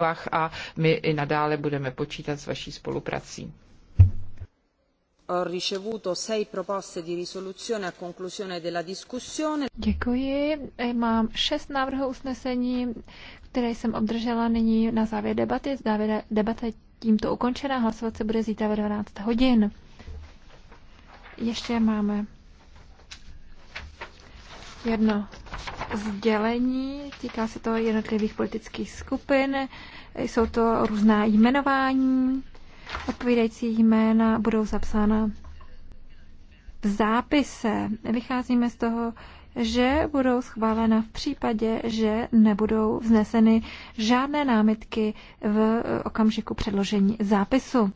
silách a my i nadále budeme počítat s vaší spoluprací. Děkuji. E, mám šest návrhů usnesení, které jsem obdržela nyní na závěr debaty. Závěr debata tímto ukončena. Hlasovat se bude zítra ve 12 hodin. Ještě máme jedno sdělení, týká se to jednotlivých politických skupin, jsou to různá jmenování, odpovídající jména budou zapsána v zápise. Vycházíme z toho, že budou schválena v případě, že nebudou vzneseny žádné námitky v okamžiku předložení zápisu.